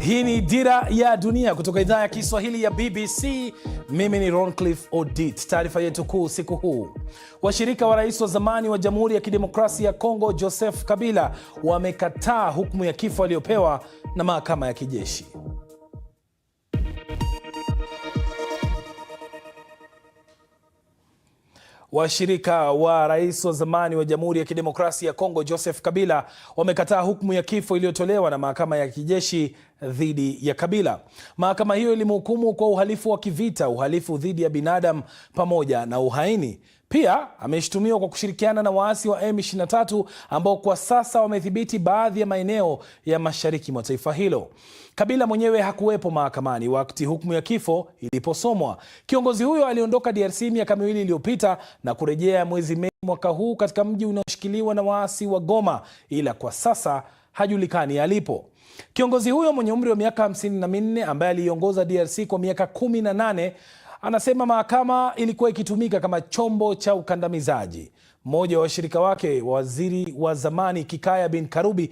Hii ni Dira ya Dunia kutoka idhaa ya Kiswahili ya BBC. Mimi ni roncliff Odit. Taarifa yetu kuu siku huu, washirika wa rais wa zamani wa Jamhuri ya Kidemokrasia ya Kongo Joseph Kabila wamekataa hukumu ya kifo aliyopewa na mahakama ya kijeshi. Washirika wa rais wa zamani wa Jamhuri ya Kidemokrasia ya Kongo Joseph Kabila wamekataa hukumu ya kifo iliyotolewa na mahakama ya kijeshi dhidi ya Kabila. Mahakama hiyo ilimhukumu kwa uhalifu wa kivita, uhalifu dhidi ya binadamu pamoja na uhaini. Pia ameshutumiwa kwa kushirikiana na waasi wa M23 ambao kwa sasa wamedhibiti baadhi ya maeneo ya mashariki mwa taifa hilo. Kabila mwenyewe hakuwepo mahakamani wakati hukumu ya kifo iliposomwa. Kiongozi huyo aliondoka DRC miaka miwili iliyopita na kurejea mwezi Mei mwaka huu katika mji unaoshikiliwa na waasi wa Goma, ila kwa sasa hajulikani alipo. Kiongozi huyo mwenye umri wa miaka 54 ambaye aliiongoza DRC kwa miaka 18 anasema mahakama ilikuwa ikitumika kama chombo cha ukandamizaji. Mmoja wa washirika wake, waziri wa zamani Kikaya bin Karubi